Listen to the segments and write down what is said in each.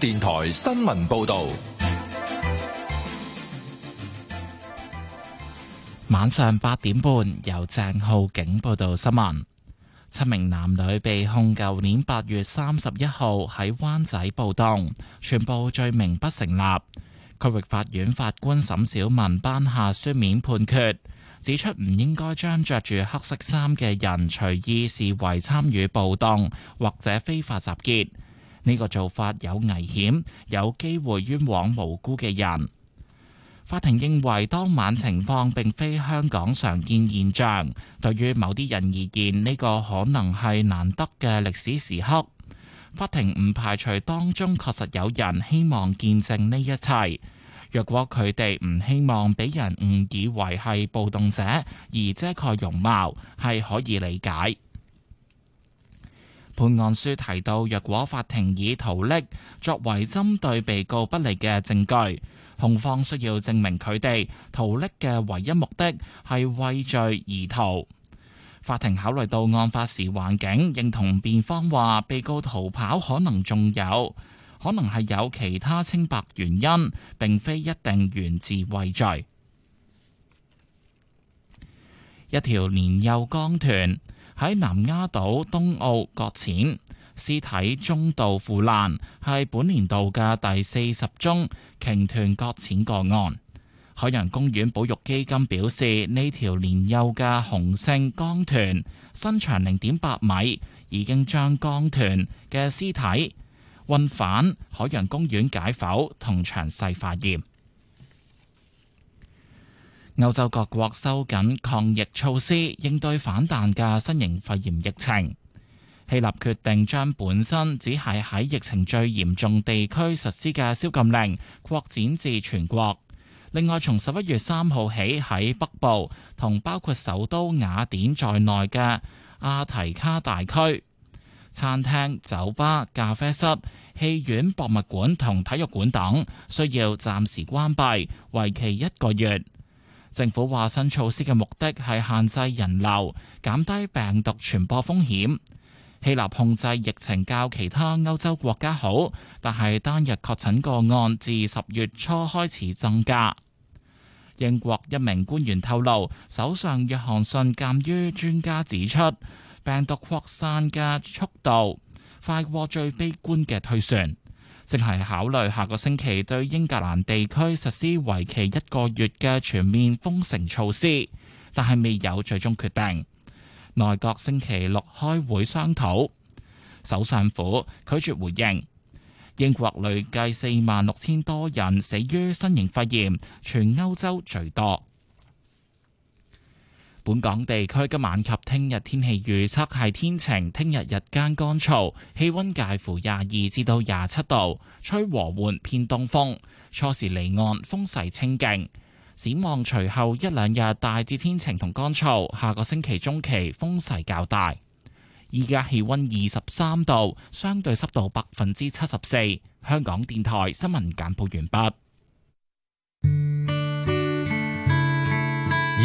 電台新聞報道，晚上八點半由鄭浩景報道新聞。七名男女被控舊年八月三十一號喺灣仔暴動，全部罪名不成立。區域法院法官沈小文頒下書面判決，指出唔應該將着住黑色衫嘅人隨意視為參與暴動或者非法集結。呢個做法有危險，有機會冤枉無辜嘅人。法庭認為當晚情況並非香港常見現象，對於某啲人而言，呢個可能係難得嘅歷史時刻。法庭唔排除當中確實有人希望見證呢一切。若果佢哋唔希望俾人誤以為係暴動者而遮蓋容貌，係可以理解。判案書提到，若果法庭以逃匿作為針對被告不利嘅證據，控方需要證明佢哋逃匿嘅唯一目的係畏罪而逃。法庭考慮到案發時環境，認同辯方話被告逃跑可能仲有可能係有其他清白原因，並非一定源自畏罪。一條年幼光團，喺南丫島東澳擱淺屍體中度腐爛，係本年度嘅第四十宗鯨豚擱淺個案。海洋公園保育基金表示，呢條年幼嘅雄性江豚，身長零點八米，已經將江豚嘅屍體運返海洋公園解剖同詳細化驗。歐洲各國收緊抗疫措施，應對反彈嘅新型肺炎疫情。希臘決定將本身只係喺疫情最嚴重地區實施嘅宵禁令擴展至全國。另外，從十一月三號起喺北部同包括首都雅典在內嘅阿提卡大區，餐廳、酒吧、咖啡室、戲院、博物館同體育館等需要暫時關閉，為期一個月。政府話新措施嘅目的係限制人流，減低病毒傳播風險。希臘控制疫情較其他歐洲國家好，但係單日確診個案自十月初開始增加。英國一名官員透露，首相約翰遜鑑於專家指出，病毒擴散嘅速度快過最悲觀嘅推算。正係考慮下個星期對英格蘭地區實施為期一個月嘅全面封城措施，但係未有最終決定。內閣星期六開會商討，首相府拒絕回應。英國累計四萬六千多人死於新型肺炎，全歐洲最多。本港地區今晚及聽日天氣預測係天晴，聽日日間乾燥，氣溫介乎廿二至到廿七度，吹和緩偏東風，初時離岸風勢清勁。展望隨後一兩日大致天晴同乾燥，下個星期中期風勢較大。依家氣溫二十三度，相對濕度百分之七十四。香港電台新聞簡報完畢。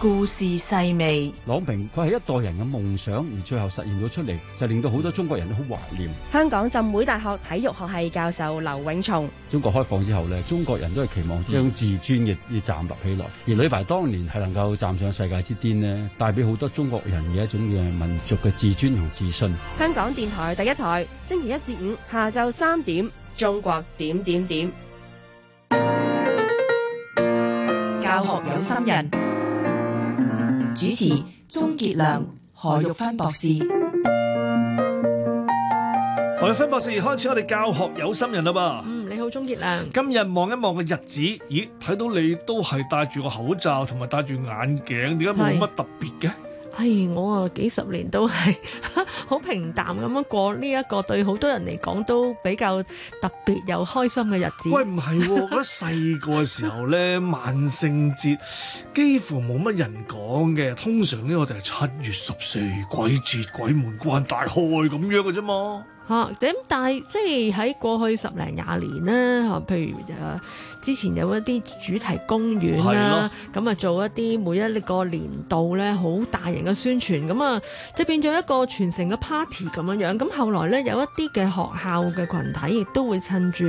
故事細微，郎平佢係一代人嘅夢想，而最後實現咗出嚟，就令到好多中國人都好懷念。香港浸會大學體育學系教授劉永松，中國開放之後呢，中國人都係期望一種自尊嘅要站立起來，嗯、而女排當年係能夠站上世界之巔呢，帶俾好多中國人嘅一種嘅民族嘅自尊同自信。香港電台第一台，星期一至五下晝三點，中國點點點，點，教學有心人。主持鍾傑良、何玉芬博士。何玉芬博士，開始我哋教學有心人啦噃。嗯，你好，鍾傑良。今日望一望個日子，咦，睇到你都係戴住個口罩，同埋戴住眼鏡，點解冇乜特別嘅？哎，我啊幾十年都係好 平淡咁樣過呢一個對好多人嚟講都比較特別又開心嘅日子。喂，唔係、啊， 我覺得細個嘅時候咧，萬聖節幾乎冇乜人講嘅，通常咧我哋係七月十四鬼節，鬼門關大開咁樣嘅啫嘛。啊！咁但係即係喺過去十零廿年啦，吓、啊，譬如誒、啊、之前有一啲主題公園啦，咁的啊做一啲每一個年度咧好大型嘅宣傳，咁啊即係變咗一個全城嘅 party 咁樣樣、啊，咁後來咧有一啲嘅學校嘅群體亦都會趁住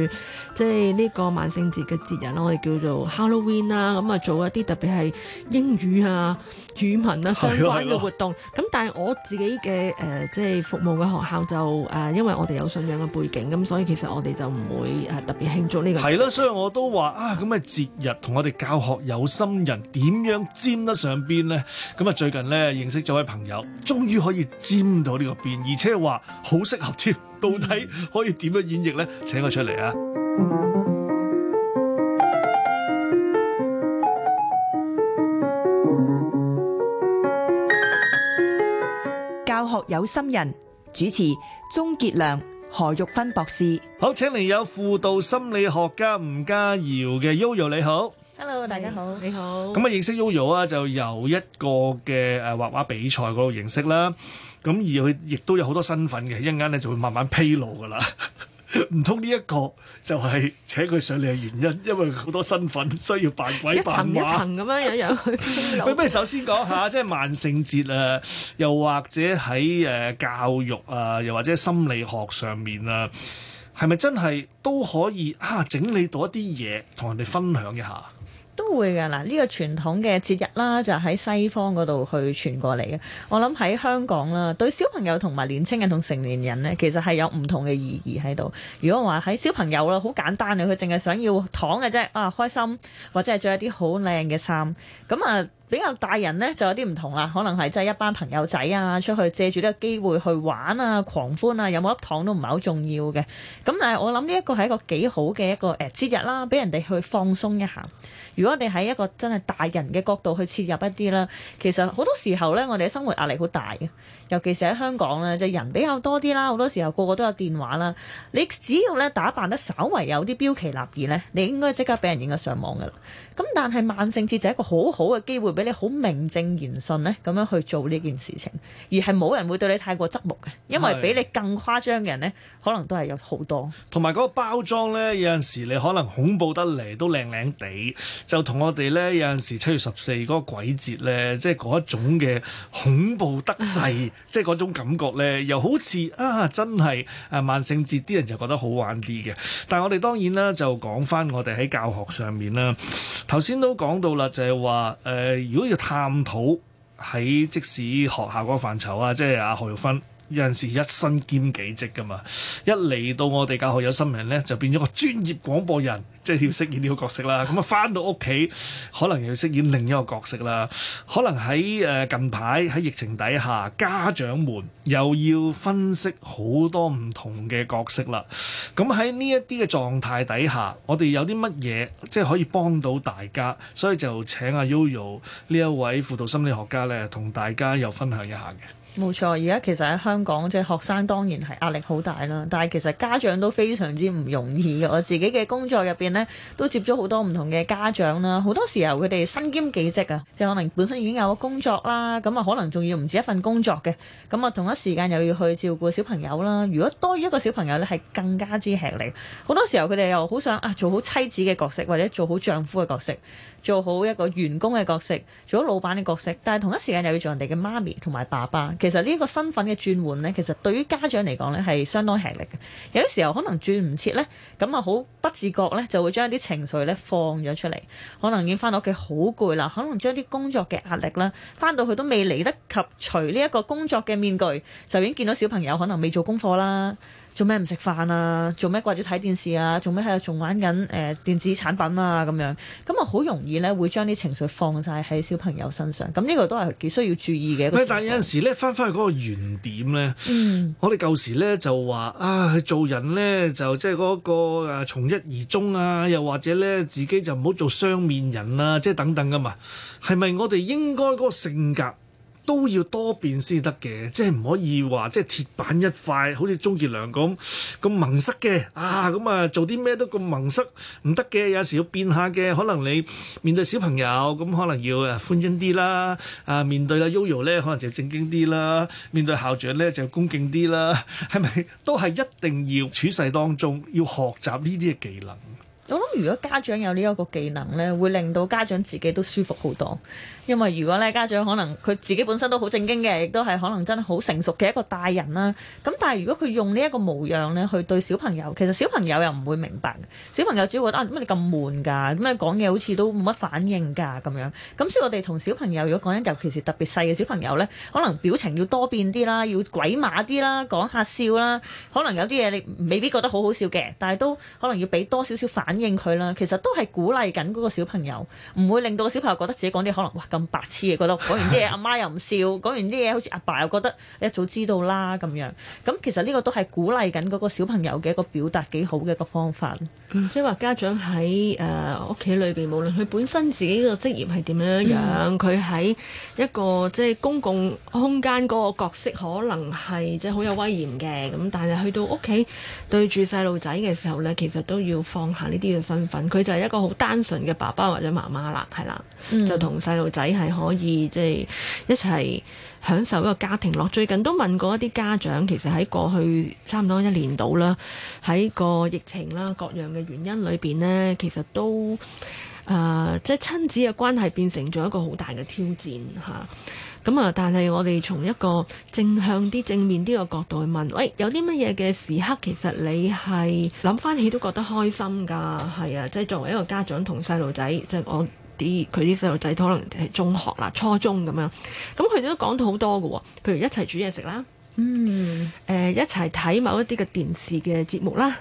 即係呢個萬聖節嘅節日，啦，我哋叫做 Halloween 啦、啊，咁啊做一啲特別係英語啊、語文啊相關嘅活動，咁的但係我自己嘅誒即係服務嘅學校就誒、呃、因為。我哋有信仰嘅背景，咁所以其實我哋就唔會誒特別慶祝呢個係啦。所以我都話啊，咁啊節日同我哋教學有心人點樣沾得上邊咧？咁啊最近咧認識咗位朋友，終於可以沾到呢個邊，而且話好適合添。到底可以點樣演繹咧？請佢出嚟啊！教學有心人。主持鍾杰良、何玉芬博士，好，請嚟有輔導心理學家吳家堯嘅 Yoyo，你好，Hello，大家好，你好，咁啊，認識 Yoyo 啊，就由一個嘅誒畫畫比賽嗰度認識啦，咁而佢亦都有好多身份嘅，一陣間咧就會慢慢披露噶啦。 唔通呢一個就係請佢上嚟嘅原因，因為好多身份需要扮鬼扮。一層一層咁樣樣樣去。喂， 不如首先講下，即係萬聖節啊，又或者喺誒教育啊，又或者心理學上面啊，係咪真係都可以啊整理到一啲嘢同人哋分享一下？會噶嗱，呢、這個傳統嘅節日啦，就喺、是、西方嗰度去傳過嚟嘅。我諗喺香港啦，對小朋友同埋年輕人同成年人呢，其實係有唔同嘅意義喺度。如果話喺小朋友啦，好簡單嘅，佢淨係想要糖嘅啫，啊開心，或者係着一啲好靚嘅衫，咁啊。比較大人呢就有啲唔同啦，可能係即係一班朋友仔啊，出去借住呢個機會去玩啊、狂歡啊，有冇粒糖都唔係好重要嘅。咁但係我諗呢一個係一個幾好嘅一個誒節日啦，俾人哋去放鬆一下。如果你喺一個真係大人嘅角度去切入一啲啦，其實好多時候呢，我哋嘅生活壓力好大嘅，尤其是喺香港呢，就人比較多啲啦，好多時候個個都有電話啦。你只要呢打扮得稍微有啲標奇立異呢，你應該即刻俾人影咗上網噶啦。咁但係萬聖節就係一個好好嘅機會。你好名正言順咧，咁樣去做呢件事情，而係冇人會對你太過側目嘅，因為比你更誇張嘅人呢，可能都係有好多。同埋嗰個包裝呢，有陣時你可能恐怖得嚟都靚靚地，就同我哋呢，有陣時七月十四嗰個鬼節呢，即係嗰一種嘅恐怖得滯，即係嗰種感覺呢又好似啊，真係誒萬聖節啲人就覺得好玩啲嘅。但係我哋當然啦，就講翻我哋喺教學上面啦，頭先都講到啦，就係話誒。呃如果要探討喺即使學校嗰個範疇啊，即係啊何玉芬，有陣時一身兼幾職㗎嘛，一嚟到我哋教學有心人咧，就變咗個專業廣播人，即係要飾演呢個角色啦。咁啊，翻到屋企可能又要飾演另一個角色啦。可能喺誒、呃、近排喺疫情底下，家長們又要分析好多唔同嘅角色啦。咁喺呢一啲嘅狀態底下，我哋有啲乜嘢即係可以幫到大家，所以就請阿、啊、Yoyo 呢一位輔導心理學家咧，同大家又分享一下嘅。冇錯，而家其實喺香港，即係學生當然係壓力好大啦。但係其實家長都非常之唔容易嘅。我自己嘅工作入邊呢，都接咗好多唔同嘅家長啦。好多時候佢哋身兼幾職啊，即係可能本身已經有咗工作啦，咁啊可能仲要唔止一份工作嘅。咁啊同一時間又要去照顧小朋友啦。如果多於一個小朋友呢，係更加之吃力。好多時候佢哋又好想啊做好妻子嘅角色，或者做好丈夫嘅角色，做好一個員工嘅角色，做好老闆嘅角色。但係同一時間又要做人哋嘅媽咪同埋爸爸。其實呢個身份嘅轉換呢，其實對於家長嚟講呢，係相當吃力嘅。有啲時候可能轉唔切呢，咁啊好不自覺呢，就會將一啲情緒呢放咗出嚟。可能已經返到屋企好攰啦，可能將啲工作嘅壓力啦，返到去都未嚟得及除呢一個工作嘅面具，就已經見到小朋友可能未做功課啦。做咩唔食飯啊？做咩掛住睇電視啊？做咩喺度仲玩緊誒電子產品啊？咁樣咁啊，好容易咧會將啲情緒放晒喺小朋友身上。咁呢個都係幾需要注意嘅。咩？但有陣時咧，翻返去嗰個原點咧，嗯、我哋舊時咧就話啊，做人咧就即係嗰個誒從一而終啊，又或者咧自己就唔好做雙面人啊，即係等等噶嘛。係咪我哋應該嗰個性格？都要多變先得嘅，即係唔可以話即係鐵板一塊，好似鍾傑良咁咁矇塞嘅啊。咁啊，做啲咩都咁矇塞唔得嘅，有時要變下嘅。可能你面對小朋友咁，可能要歡欣啲啦。啊，面對阿 Yoyo 咧，可能就正經啲啦。面對校長咧，就恭敬啲啦。係咪都係一定要處世當中要學習呢啲嘅技能？我諗如果家長有呢一個技能咧，會令到家長自己都舒服好多。因為如果呢家長可能佢自己本身都好正經嘅，亦都係可能真係好成熟嘅一個大人啦。咁但係如果佢用呢一個模樣咧去對小朋友，其實小朋友又唔會明白。小朋友只會覺得啊，乜你咁悶㗎，乜講嘢好似都冇乜反應㗎咁樣。咁所以我哋同小朋友如果講緊，尤其是特別細嘅小朋友呢，可能表情要多變啲啦，要鬼馬啲啦，講下笑啦。可能有啲嘢你未必覺得好好笑嘅，但係都可能要俾多少少反應。應佢啦，其實都係鼓勵緊嗰個小朋友，唔會令到小朋友覺得自己講啲可能哇咁白痴嘅，覺得講完啲嘢阿媽又唔笑，講完啲嘢好似阿爸又覺得一早知道啦咁樣。咁其實呢個都係鼓勵緊嗰個小朋友嘅一個表達幾好嘅一個方法。即係話家長喺誒屋企裏邊，無論佢本身自己個職業係點樣樣，佢喺、嗯、一個即係、即係、公共空間嗰個角色可能係即係好有威嚴嘅咁，但係去到屋企對住細路仔嘅時候呢，其實都要放下呢。啲嘅身份，佢就係一個好單純嘅爸爸或者媽媽啦，係啦，就同細路仔係可以即係、即係、一齊享受一個家庭咯。最近都問過一啲家長，其實喺過去差唔多一年到啦，喺個疫情啦各樣嘅原因裏邊呢，其實都誒，即、呃、係、即係、親子嘅關係變成咗一個好大嘅挑戰嚇。咁啊！但係我哋從一個正向啲、正面啲嘅角度去問，喂，有啲乜嘢嘅時刻其實你係諗返起都覺得開心㗎？係啊，即係作為一個家長同細路仔，即係我啲佢啲細路仔，可能係中學啦、初中咁樣。咁佢哋都講到好多嘅喎，譬如一齊煮嘢食啦，嗯，誒、呃、一齊睇某一啲嘅電視嘅節目啦。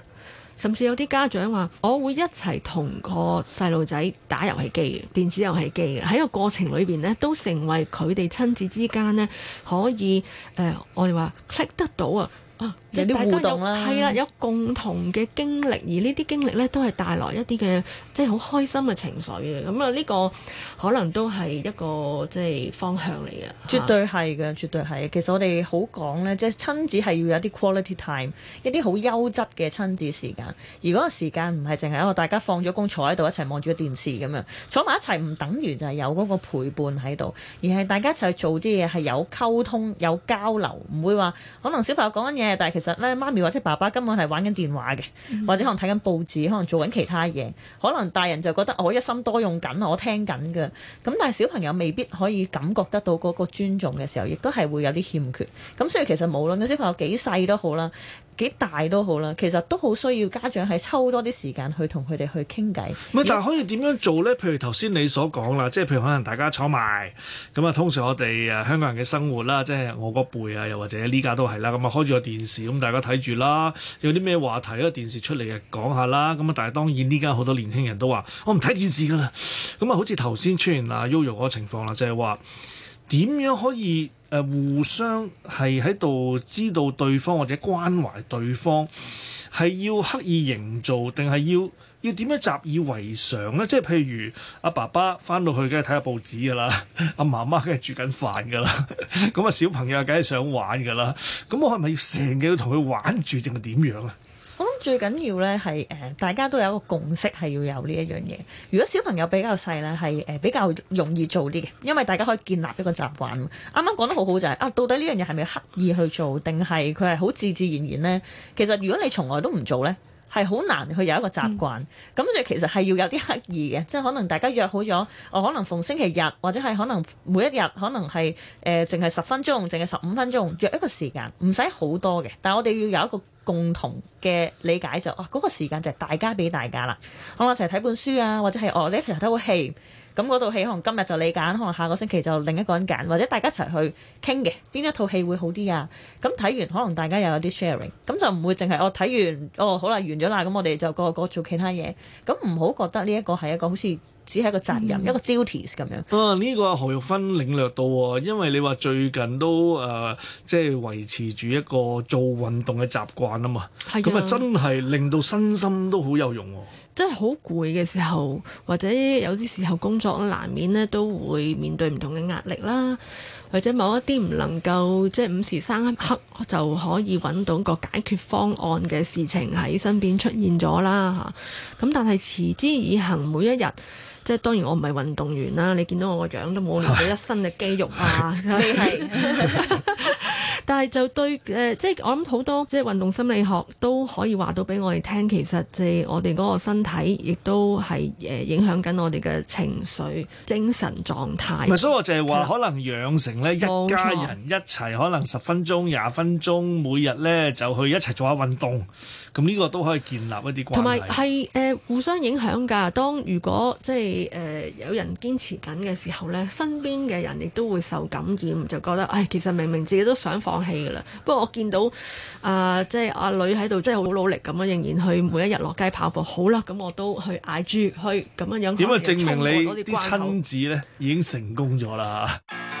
甚至有啲家長話：我會一齊同個細路仔打遊戲機，電子遊戲機嘅，喺個過程裏邊呢，都成為佢哋親子之間呢，可以誒、呃，我哋話 click 得到啊！啊、即係啲互動啦，係啦、啊，有共同嘅經歷，而呢啲經歷咧都係帶來一啲嘅即係好開心嘅情緒嘅，咁啊呢個可能都係一個即係方向嚟嘅，絕對係嘅，絕對係。其實我哋好講咧，即係親子係要有啲 quality time，一啲好優質嘅親子時間。如果個時間唔係淨係一個大家放咗工坐喺度一齊望住個電視咁樣，坐埋一齊唔等於就係有嗰個陪伴喺度，而係大家一齊做啲嘢係有溝通有交流，唔會話可能小朋友講緊嘢。但係其實咧，媽咪或者爸爸根本係玩緊電話嘅，或者可能睇緊報紙，可能做緊其他嘢，可能大人就覺得我一心多用緊，我聽緊嘅。咁但係小朋友未必可以感覺得到嗰個尊重嘅時候，亦都係會有啲欠缺。咁所以其實無論個小朋友幾細都好啦。幾大都好啦，其實都好需要家長係抽多啲時間去同佢哋去傾偈。唔係，但係可以點樣做咧？譬如頭先你所講啦，即係譬如可能大家坐埋咁啊，通常我哋誒香港人嘅生活啦，即係我個輩啊，又或者呢家都係啦，咁啊開住個電視咁大家睇住啦，有啲咩話題個電視出嚟講下啦。咁啊，但係當然呢家好多年輕人都話我唔睇電視㗎啦。咁啊，好似頭先出現啊 U U 嗰個情況啦，即係話。點樣可以誒、呃、互相係喺度知道對方或者關懷對方？係要刻意營造定係要要點樣習以為常咧？即係譬如阿、啊、爸爸返到去梗係睇下報紙㗎啦，阿、啊、媽媽梗係煮緊飯㗎啦，咁啊小朋友梗係想玩㗎啦。咁我係咪要成日要同佢玩住定係點樣啊？最緊要呢係誒，大家都有一個共識係要有呢一樣嘢。如果小朋友比較細呢，係誒比較容易做啲嘅，因為大家可以建立一個習慣。啱啱講得好好就係啊，到底呢樣嘢係咪刻意去做，定係佢係好自自然然呢？其實如果你從來都唔做呢。係好難去有一個習慣，咁所、嗯、其實係要有啲刻意嘅，即係可能大家約好咗，我、哦、可能逢星期日或者係可能每一日，可能係誒淨係十分鐘，淨係十五分鐘約一個時間，唔使好多嘅，但係我哋要有一個共同嘅理解就，啊、哦、嗰、嗰個時間就係大家俾大家啦，我哋一齊睇本書啊，或者係我哋一齊睇套戲。哦咁嗰套戲可能今日就你揀，可能下個星期就另一個人揀，或者大家一齊去傾嘅邊一套戲會好啲啊？咁睇完可能大家又有啲 sharing，咁就唔會淨係哦睇完哦好啦完咗啦，咁我哋就個個做其他嘢，咁唔好覺得呢一個係一個好似只係一個責任、嗯、一個 duties 咁樣。啊呢個何玉芬領略到喎、哦，因為你話最近都誒即係維持住一個做運動嘅習慣啊嘛，咁啊真係令到身心都好有用喎、哦。真係好攰嘅時候，或者有啲時候工作都難免咧，都會面對唔同嘅壓力啦，或者某一啲唔能夠即係五時三刻就可以揾到個解決方案嘅事情喺身邊出現咗啦嚇。咁但係持之以恆每一日即係當然我唔係運動員啦。你見到我個樣都冇留到一身嘅肌肉啊，未係。但係就對誒、呃，即係我諗好多，即係運動心理學都可以話到俾我哋聽，其實就係我哋嗰個身體亦都係誒影響緊我哋嘅情緒、精神狀態。唔係，所以我就係話，可能養成咧，一家人一齊，可能十分鐘、廿分鐘，每日咧就去一齊做下運動。咁呢個都可以建立一啲關係，同埋係誒互相影響㗎。當如果即係誒有人堅持緊嘅時候咧，身邊嘅人亦都會受感染，就覺得誒、哎、其實明明自己都想放棄㗎啦。不過我見到、呃、啊，即係阿女喺度真係好努力咁樣，仍然去每一日落街跑步。好啦，咁我都去 IG 去咁樣樣。點啊？證明你啲親子咧已經成功咗啦！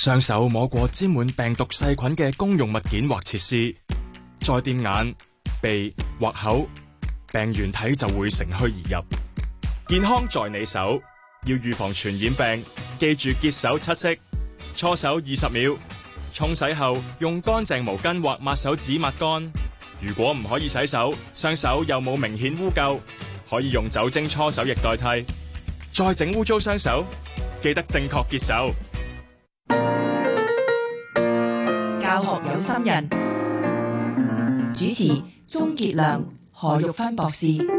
雙手摸過沾滿病毒細菌嘅公用物件或設施，再掂眼、鼻或口，病原體就會乘虛而入。健康在你手，要預防傳染病，記住潔手七式，搓手二十秒，沖洗後用乾淨毛巾或抹手紙抹乾。如果唔可以洗手，雙手又冇明顯污垢，可以用酒精搓手液代替。再整污糟雙手，記得正確潔手。心人主持人：鍾杰良、何玉芬博士。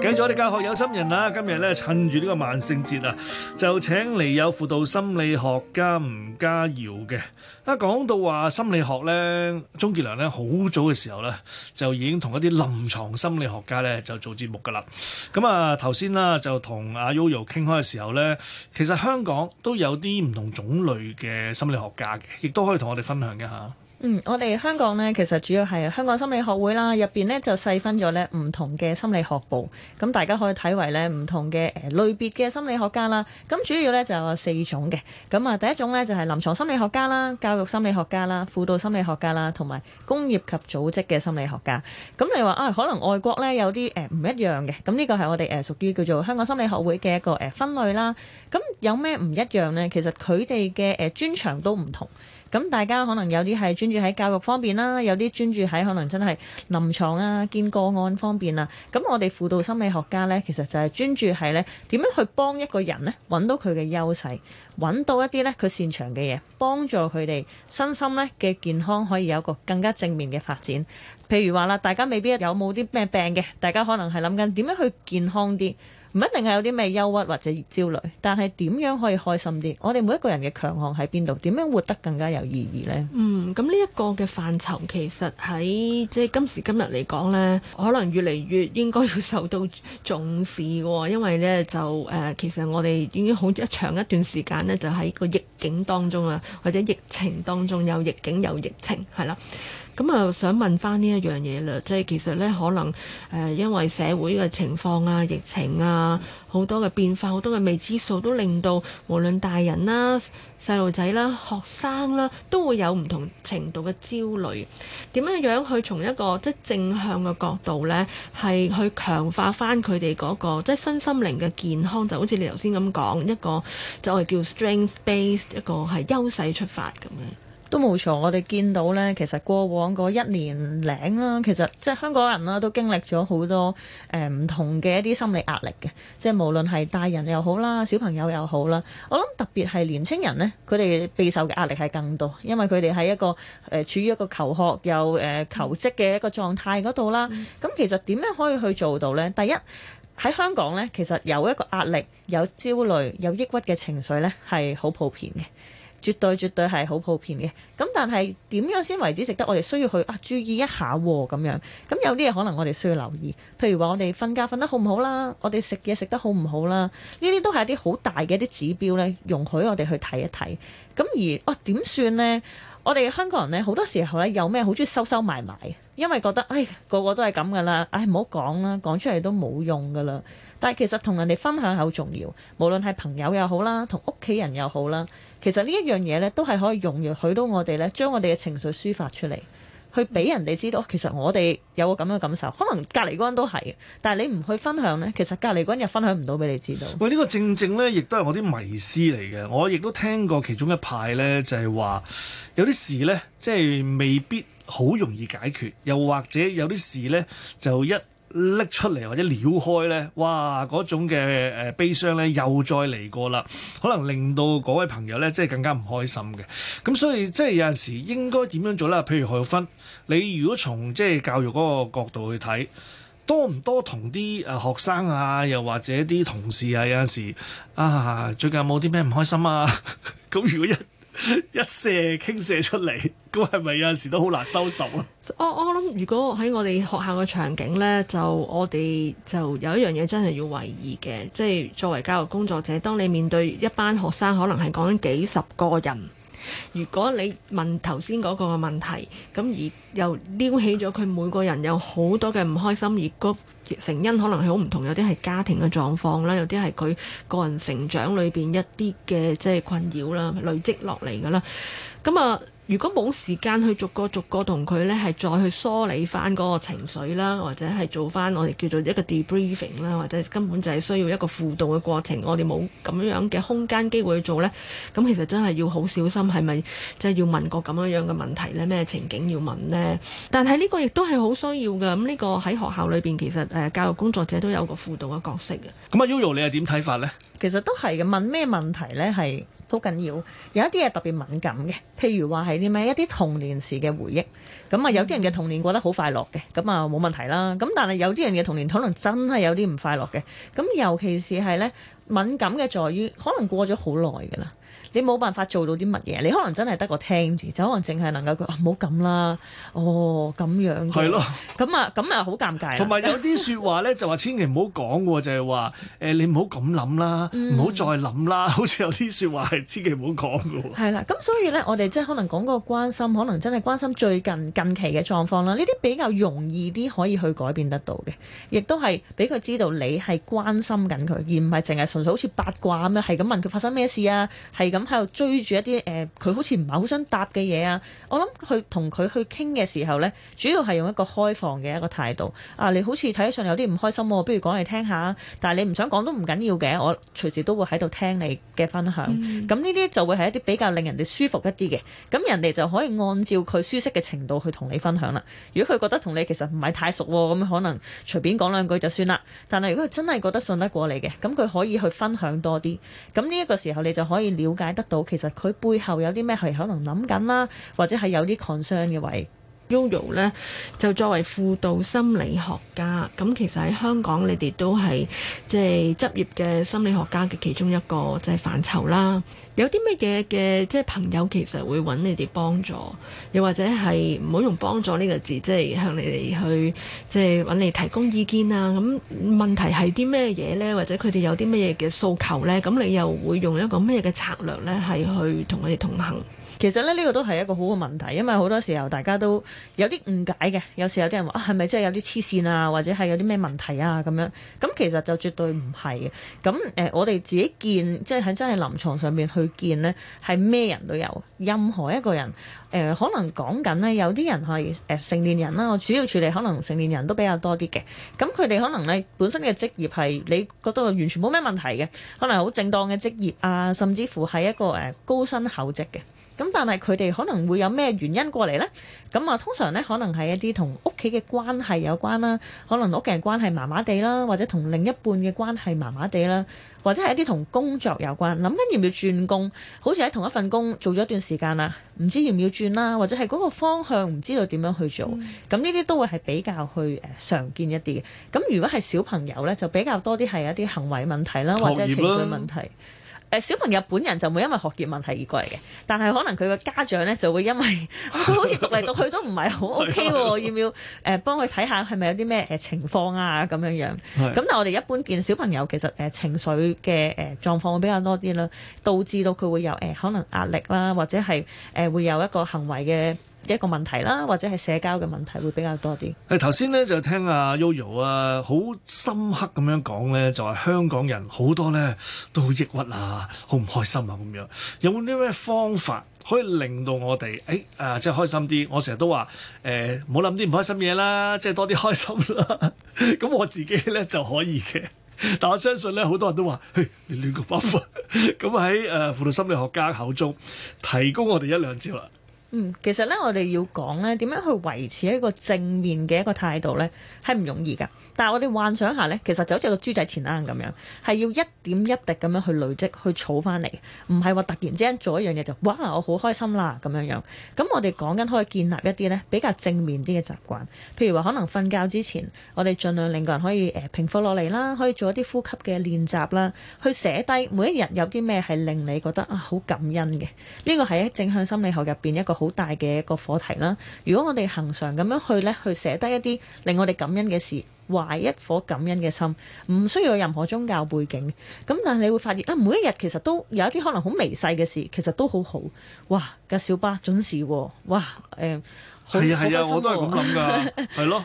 繼我哋教學有心人啦，今日咧趁住呢個萬聖節啊，就請嚟有輔導心理學家吳嘉瑤嘅。啊，講到話心理學咧，鍾杰良咧好早嘅時候咧就已經同一啲臨床心理學家咧就做節目噶啦。咁啊，頭先啦就同阿 UoUo 傾開嘅時候咧，其實香港都有啲唔同種類嘅心理學家嘅，亦都可以同我哋分享一下。嗯，我哋香港呢，其實主要係香港心理學會啦，入邊呢，就細分咗呢唔同嘅心理學部，咁大家可以睇為呢唔同嘅誒、呃、類別嘅心理學家啦。咁主要呢就有四種嘅，咁啊第一種呢，就係、是、臨床心理學家啦、教育心理學家啦、輔導心理學家啦，同埋工業及組織嘅心理學家。咁你話啊，可能外國呢，有啲誒唔一樣嘅，咁呢個係我哋誒、呃、屬於叫做香港心理學會嘅一個誒分類啦。咁有咩唔一樣呢？其實佢哋嘅誒專長都唔同。咁大家可能有啲係專注喺教育方面啦，有啲專注喺可能真係臨床啊、見個案方面啊。咁我哋輔導心理學家呢，其實就係專注喺呢點樣去幫一個人呢，揾到佢嘅優勢，揾到一啲呢佢擅長嘅嘢，幫助佢哋身心呢嘅健康可以有一個更加正面嘅發展。譬如話啦，大家未必有冇啲咩病嘅，大家可能係諗緊點樣去健康啲。唔一定係有啲咩憂鬱或者焦慮，但係點樣可以開心啲？我哋每一個人嘅強項喺邊度？點樣活得更加有意義呢？嗯，咁呢一個嘅範疇其實喺即係今時今日嚟講呢，可能越嚟越應該要受到重視嘅喎，因為呢就誒、呃，其實我哋已經好一長一段時間呢，就喺個逆境當中啊，或者疫情當中，有逆境有，有疫情，係啦。咁啊，想問翻呢一樣嘢啦，即係其實呢，可能誒、呃、因為社會嘅情況啊、疫情啊、好多嘅變化、好多嘅未知數，都令到無論大人啦、啊、細路仔啦、學生啦、啊，都會有唔同程度嘅焦慮。點樣樣去從一個即係正向嘅角度呢，係去強化翻佢哋嗰個即係身心靈嘅健康，就好似你頭先咁講一個，就係叫 strength-based 一個係優勢出發咁樣。都冇錯，我哋見到呢，其實過往嗰一年零啦，其實即係香港人啦，都經歷咗好多誒唔、呃、同嘅一啲心理壓力嘅，即係無論係大人又好啦，小朋友又好啦，我諗特別係年青人呢，佢哋備受嘅壓力係更多，因為佢哋喺一個誒、呃、處於一個求學又誒、呃、求職嘅一個狀態嗰度啦。咁、嗯、其實點樣可以去做到呢？第一，喺香港呢，其實有一個壓力、有焦慮、有抑鬱嘅情緒呢，係好普遍嘅。絕對絕對係好普遍嘅。咁，但係點樣先為止值得？我哋需要去啊，注意一下咁、啊、樣咁，有啲嘢可能我哋需要留意，譬如話我哋瞓覺瞓得好唔好啦，我哋食嘢食得好唔好啦？呢啲都係一啲好大嘅一啲指標咧，容許我哋去睇一睇咁而哦，點、啊、算呢？我哋香港人呢，好多時候咧，有咩好中意收收埋埋，因為覺得唉，個個都係咁噶啦，唉，唔好講啦，講出嚟都冇用噶啦。但係其實同人哋分享係好重要，無論係朋友又好啦，同屋企人又好啦。其實呢一樣嘢咧，都係可以容許許到我哋咧，將我哋嘅情緒抒發出嚟，去俾人哋知道，其實我哋有個咁嘅感受，可能隔離嗰都係，但係你唔去分享呢，其實隔離嗰又分享唔到俾你知道。喂，呢、這個正正呢亦都係我啲迷思嚟嘅。我亦都聽過其中一派呢，就係、是、話有啲事呢，即係未必好容易解決，又或者有啲事呢，就一，拎出嚟或者撩開咧，哇！嗰種嘅誒悲傷咧又再嚟過啦，可能令到嗰位朋友咧即係更加唔開心嘅。咁所以即係有陣時應該點樣做咧？譬如何玉芬，你如果從即係教育嗰個角度去睇，多唔多同啲誒學生啊，又或者啲同事啊，有陣時啊，最近有冇啲咩唔開心啊？咁 如果一一射傾射出嚟，咁係咪有陣時都好難收拾啊？ 我我諗，如果喺我哋學校嘅場景呢，就我哋就有一樣嘢真係要懷疑嘅，即係作為教育工作者，當你面對一班學生，可能係講緊幾十個人，如果你問頭先嗰個嘅問題，咁而又撩起咗佢每個人有好多嘅唔開心而成因可能係好唔同，有啲係家庭嘅狀況啦，有啲係佢個人成長裏邊一啲嘅即係困擾啦，累積落嚟㗎啦，咁啊。如果冇時間去逐個逐個同佢呢，係再去梳理翻嗰個情緒啦，或者係做翻我哋叫做一個 debriefing 啦，或者根本就係需要一個輔導嘅過程，我哋冇咁樣嘅空間機會去做呢，咁其實真係要好小心，係咪即係要問個咁樣樣嘅問題呢？咩情景要問呢？但係呢個亦都係好需要嘅。咁呢個喺學校裏邊，其實誒、呃、教育工作者都有個輔導嘅角色嘅。咁啊，Yoyo 你係點睇法呢？其實都係嘅，問咩問題呢？係？好緊要，有一啲係特別敏感嘅，譬如話係啲咩一啲童年時嘅回憶咁啊，有啲人嘅童年過得好快樂嘅，咁啊冇問題啦。咁但係有啲人嘅童年可能真係有啲唔快樂嘅，咁尤其是係呢，敏感嘅在於可能過咗好耐㗎啦。你冇辦法做到啲乜嘢，你可能真係得個聽字，就可能淨係能夠佢話，唔好咁啦，哦咁樣，的樣。係咯，咁啊，咁啊，好尷尬。同埋有啲説話咧， 就話千祈唔好講喎，就係話誒，你唔好咁諗啦，唔好、嗯、再諗啦，好似有啲説話係千祈唔好講嘅喎。係啦，咁所以咧，我哋即係可能講個關心，可能真係關心最近近期嘅狀況啦，呢啲比較容易啲可以去改變得到嘅，亦都係俾佢知道你係關心緊佢，而唔係淨係純粹好似八卦咁樣，係咁問佢發生咩事啊，係咁。喺度追住一啲誒佢好似唔係好想答嘅嘢啊。我諗佢同佢去傾嘅時候咧，主要係用一個開放嘅一個態度啊。你好似睇起上有啲唔開心，不如講嚟聽下。但係你唔想講都唔緊要嘅，我隨時都會喺度聽你嘅分享。咁呢啲就會係一啲比較令人哋舒服一啲嘅。咁人哋就可以按照佢舒適嘅程度去同你分享啦。如果佢覺得同你其實唔係太熟，咁可能隨便講兩句就算啦。但係如果佢真係覺得信得過你嘅，咁佢可以去分享多啲。咁呢一個時候你就可以了解。睇得到，其實佢背後有啲咩係可能諗緊啦，或者係有啲 concern 嘅位。Yoyo 咧，就作為輔導心理學家，咁其實喺香港你哋都係即係執業嘅心理學家嘅其中一個即係範疇啦。有啲乜嘢嘅即係朋友其實會揾你哋幫助，又或者係唔好用幫助呢個字，即係向你哋去即係揾你提供意見啊。咁問題係啲咩嘢呢？或者佢哋有啲乜嘢嘅訴求呢？咁你又會用一個咩嘅策略呢？係去同佢哋同行？其實咧，呢、這個都係一個好嘅問題，因為好多時候大家都有啲誤解嘅。有時有啲人話啊，係咪真係有啲黐線啊，或者係有啲咩問題啊咁樣？咁其實就絕對唔係嘅。咁誒、呃，我哋自己見，即係喺真係臨床上面去見呢，係咩人都有，任何一個人。誒、呃、可能講緊呢，有啲人係誒、呃、成年人啦，我主要處理可能成年人都比較多啲嘅，咁佢哋可能呢，本身嘅職業係你覺得完全冇咩問題嘅，可能好正當嘅職業啊，甚至乎係一個誒、呃、高薪厚職嘅，咁但係佢哋可能會有咩原因過嚟呢？咁啊，通常呢，可能係一啲同屋企嘅關係有關啦，可能屋企人關係麻麻地啦，或者同另一半嘅關係麻麻地啦。或者係一啲同工作有關，諗緊要唔要轉工，好似喺同一份工做咗一段時間啦，唔知要唔要轉啦，或者係嗰個方向唔知道點樣去做，咁呢啲都會係比較去常見一啲嘅。咁如果係小朋友呢，就比較多啲係一啲行為問題啦，或者情緒問題。誒、呃、小朋友本人就冇因為學業問題而過嚟嘅，但係可能佢嘅家長咧就會因為 好似讀嚟讀去都唔係好 OK 喎， 要唔要誒幫佢睇下係咪有啲咩誒情況啊咁樣樣？咁 但我哋一般見小朋友其實誒、呃、情緒嘅誒狀況會比較多啲啦，導致到佢會有誒、呃、可能壓力啦，或者係誒、呃、會有一個行為嘅。一個問題啦，或者係社交嘅問題會比較多啲。誒頭先咧就聽阿 Yoyo 啊，好深刻咁樣講咧，就係香港人好多咧都好抑鬱啊，好唔開心啊咁樣。有冇啲咩方法可以令到我哋誒、哎、啊即係開心啲？我成日都話誒唔好諗啲唔開心嘢啦，即係多啲開心啦。咁 我自己咧就可以嘅， 但我相信咧好多人都話，嘿，你亂講乜？咁喺誒輔導心理學家口中，提供我哋一兩招啦。嗯，其實咧，我哋要講咧，點樣去維持一個正面嘅一個態度咧，係唔容易㗎。但係我哋幻想下呢，其實就好似個豬仔前鈎咁樣，係要一點一滴咁樣去累積，去儲翻嚟，唔係話突然之間做一樣嘢就哇！我好開心啦咁樣樣。咁我哋講緊可以建立一啲呢，比較正面啲嘅習慣，譬如話可能瞓覺之前，我哋儘量令個人可以誒、呃、平伏落嚟啦，可以做一啲呼吸嘅練習啦，去寫低每一日有啲咩係令你覺得啊好感恩嘅，呢個係喺正向心理學入邊一個好大嘅一個課題啦。如果我哋恒常咁樣去呢，去寫低一啲令我哋感恩嘅事。懷一顆感恩嘅心，唔需要有任何宗教背景。咁但係你會發現啊，每一日其實都有一啲可能好微細嘅事，其實都好好。哇，架小巴準時喎。哇，誒，係啊，係啊，我都係咁諗㗎，係 咯。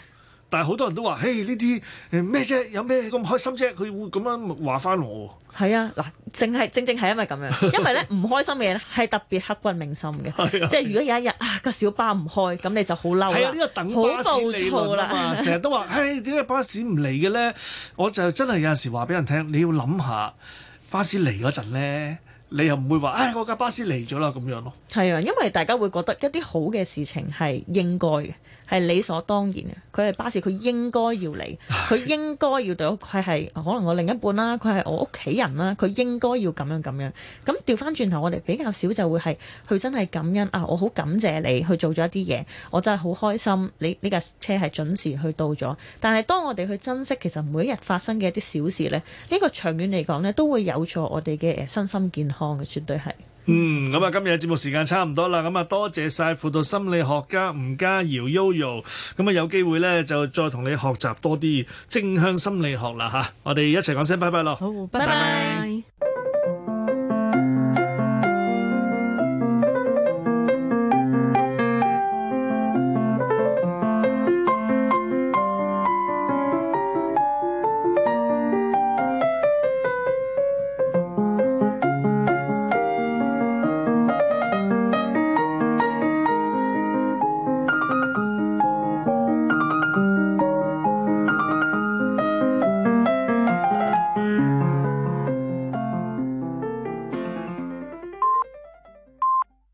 但係好多人都話，嘿呢啲咩啫？有咩咁開心啫？佢會咁樣話翻我。係啊，嗱，淨係正正係因為咁樣，因為咧唔 開心嘅嘢咧係特別刻骨銘心嘅。 即係如果有一日啊，個小巴唔開，咁你就好嬲。係啊，呢個等巴士理論啊，成日都話，嘿點解巴士唔嚟嘅咧？我就真係有陣時話俾人聽，你要諗下巴士嚟嗰陣咧，你又唔會話，唉、哎、我架巴士嚟咗啦咁樣咯。係啊，因為大家會覺得一啲好嘅事情係應該嘅。係理所當然嘅，佢係巴士，佢應該要嚟，佢應該要到。佢係可能我另一半啦，佢係我屋企人啦，佢應該要咁樣咁樣。咁調翻轉頭，我哋比較少就會係佢真係感恩啊！我好感謝你去做咗一啲嘢，我真係好開心。你呢架車係準時去到咗。但係當我哋去珍惜其實每一日發生嘅一啲小事呢，呢個長遠嚟講呢，都會有助我哋嘅誒身心健康嘅，絕對係。嗯，咁啊，今日嘅節目時間差唔多啦，咁啊，多謝晒輔導心理學家吳加垚 Yoyo，咁啊，有機會呢，就再同你學習多啲正向心理學啦嚇、啊，我哋一齊講聲拜拜咯，好，拜拜。